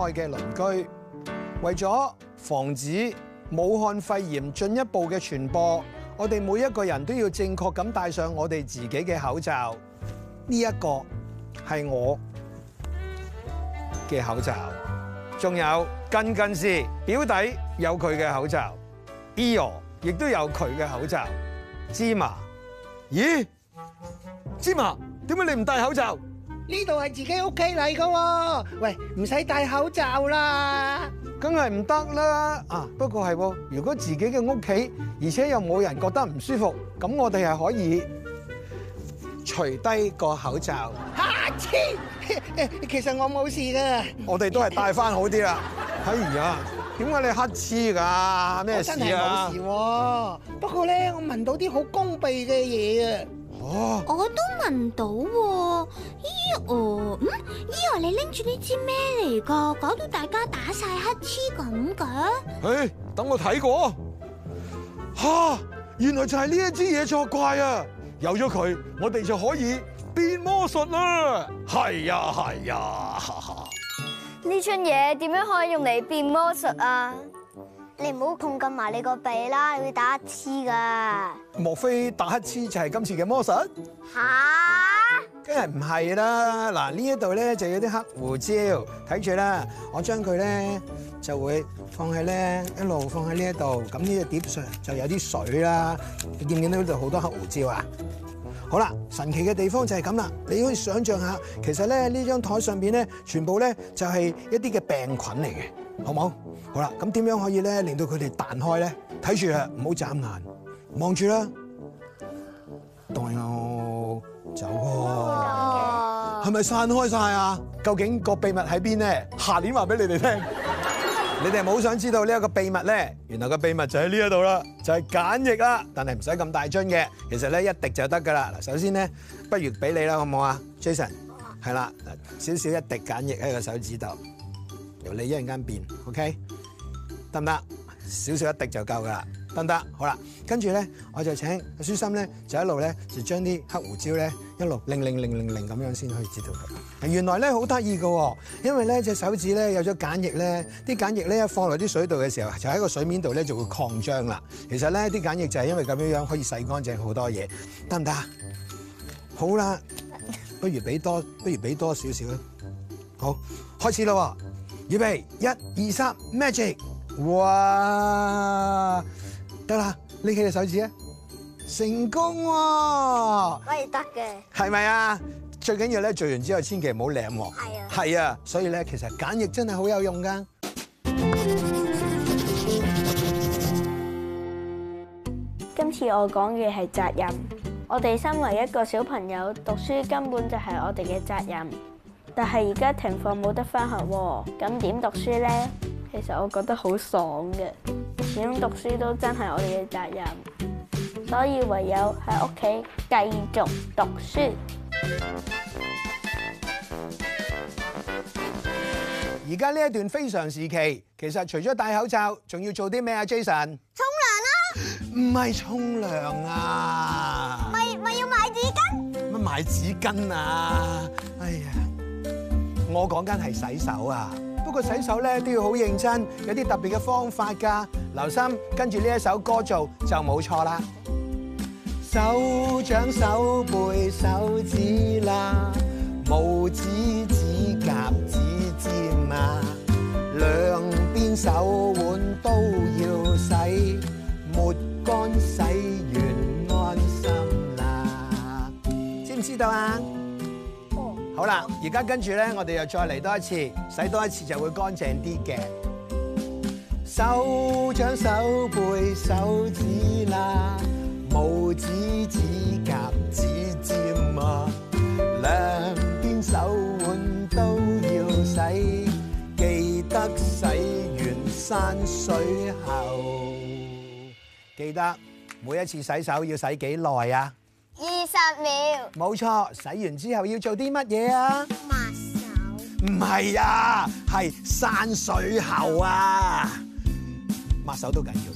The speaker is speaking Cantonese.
愛嘅鄰居，為咗防止武漢肺炎進一步嘅傳播，我哋每一個人都要正確咁戴上我哋自己嘅口罩。呢一個係我嘅口罩，仲有近近是表弟有佢嘅口罩，Eeyore 亦都有佢嘅口罩。芝麻，咦？芝麻，點解你唔戴口罩？呢度係自己屋企嚟噶。喂，唔使戴口罩啦？梗係唔得啦啊！不過係，如果自己嘅屋企，而且又冇人覺得唔舒服，咁我哋係可以除低個口罩。乞嗤、啊，其實我冇事噶，我哋都係戴翻好啲啦。 哎呀，點解你乞嗤噶？咩事啊？冇事、啊，不過咧，我聞到啲好攻鼻嘅嘢啊！我都聞到喎，咦哦，嗯，咦，你拎住呢支咩嚟噶？搞到大家打晒乞嗤咁噶。唉，hey, 等我睇過，吓、啊，原來就係呢一支嘢作怪啊！有咗佢，我哋就可以變魔術啦。係呀、啊，係呀、啊，呢樽嘢點樣可以用嚟變魔術啊？你唔好碰，撳埋你個鼻啦，你會打乞嗤噶。莫非打乞嗤就係今次嘅魔術？吓哈？梗係唔係啦。嗱，呢一度咧就有啲黑胡椒，睇住啦。我將佢咧就會放喺咧，一路放喺呢一度。咁呢隻碟上就有啲水啦。你見唔見到呢度好多黑胡椒啊？好啦，神奇嘅地方就係咁啦。你可以想象下，其實咧呢張台上面咧全部咧就係一啲嘅病菌嚟嘅。好冇？好啦，咁點樣可以咧令到佢哋彈開咧？睇住啊，唔好眨眼，望住啦，代我走喎、啊。係咪散開晒啊？究竟秘 個秘密喺邊咧？下年話俾你哋聽，你哋係咪想知道呢一個秘密咧？原來個秘密就喺呢一度啦，就係、是、梘液啦，但係唔使咁大樽嘅，其實咧一滴就得噶啦。嗱，首先咧，不如俾你啦，好冇啊，Jason。係啦，少少一滴梘液喺個手指度，由你一陣間變，OK，得唔得？少少一滴就夠噶啦，得唔得？好啦，跟住咧，我就請舒心咧，就一路咧就將啲黑胡椒咧一路零零零零零咁樣先可以擠到佢。原來咧好得意噶喎，因為咧隻手指咧有咗梘液咧，啲梘液咧一放落啲水度嘅時候，就喺個水面度咧就會擴張啦。其實咧啲梘液就係因為咁樣樣可以洗乾淨好多嘢，得唔得？好啦，不如俾多，不如俾多少少啦。好，開始啦喎！預備，一二三，magic！哇，得啦，拎起隻手指啊，成功喎！可以得嘅。係咪啊？最緊要咧，做完之後千祈唔好舐喎。係啊。係啊，所以咧，其實梘液真係好有用噶。今次我講嘅係責任。我哋身為一個小朋友，讀書根本就係我哋嘅責任。但係而家停課冇得翻學，咁點讀書咧？其實我覺得好爽嘅，始終讀書都真係我哋嘅責任，所以唯有喺屋企繼續讀書。而家呢一段非常時期，其實除咗戴口罩，仲要做啲咩啊？Jason，沖涼啦？唔係沖涼啊？咪咪、啊、要買紙巾？乜買紙巾啊？我講緊係洗手啊！不過洗手咧都要好認真，有啲特別嘅方法㗎。留心跟住呢一首歌做就冇錯啦。手掌、手背、手指啦，拇指、指甲、指尖啊，兩邊手腕都要洗，抹乾洗完安心啦。知唔知道啊？好啦，而家跟住咧，我哋又再嚟多一次，洗多一次就會乾淨啲嘅。手掌、手背、手指啦，拇指、指甲、指尖啊，兩邊手腕都要洗，記得洗完閂水喉，記得每一次洗手要洗幾耐啊？十秒，冇錯。洗完之後要做啲乜嘢啊？抹手，唔係啊，係閂水喉啊，抹手都緊要。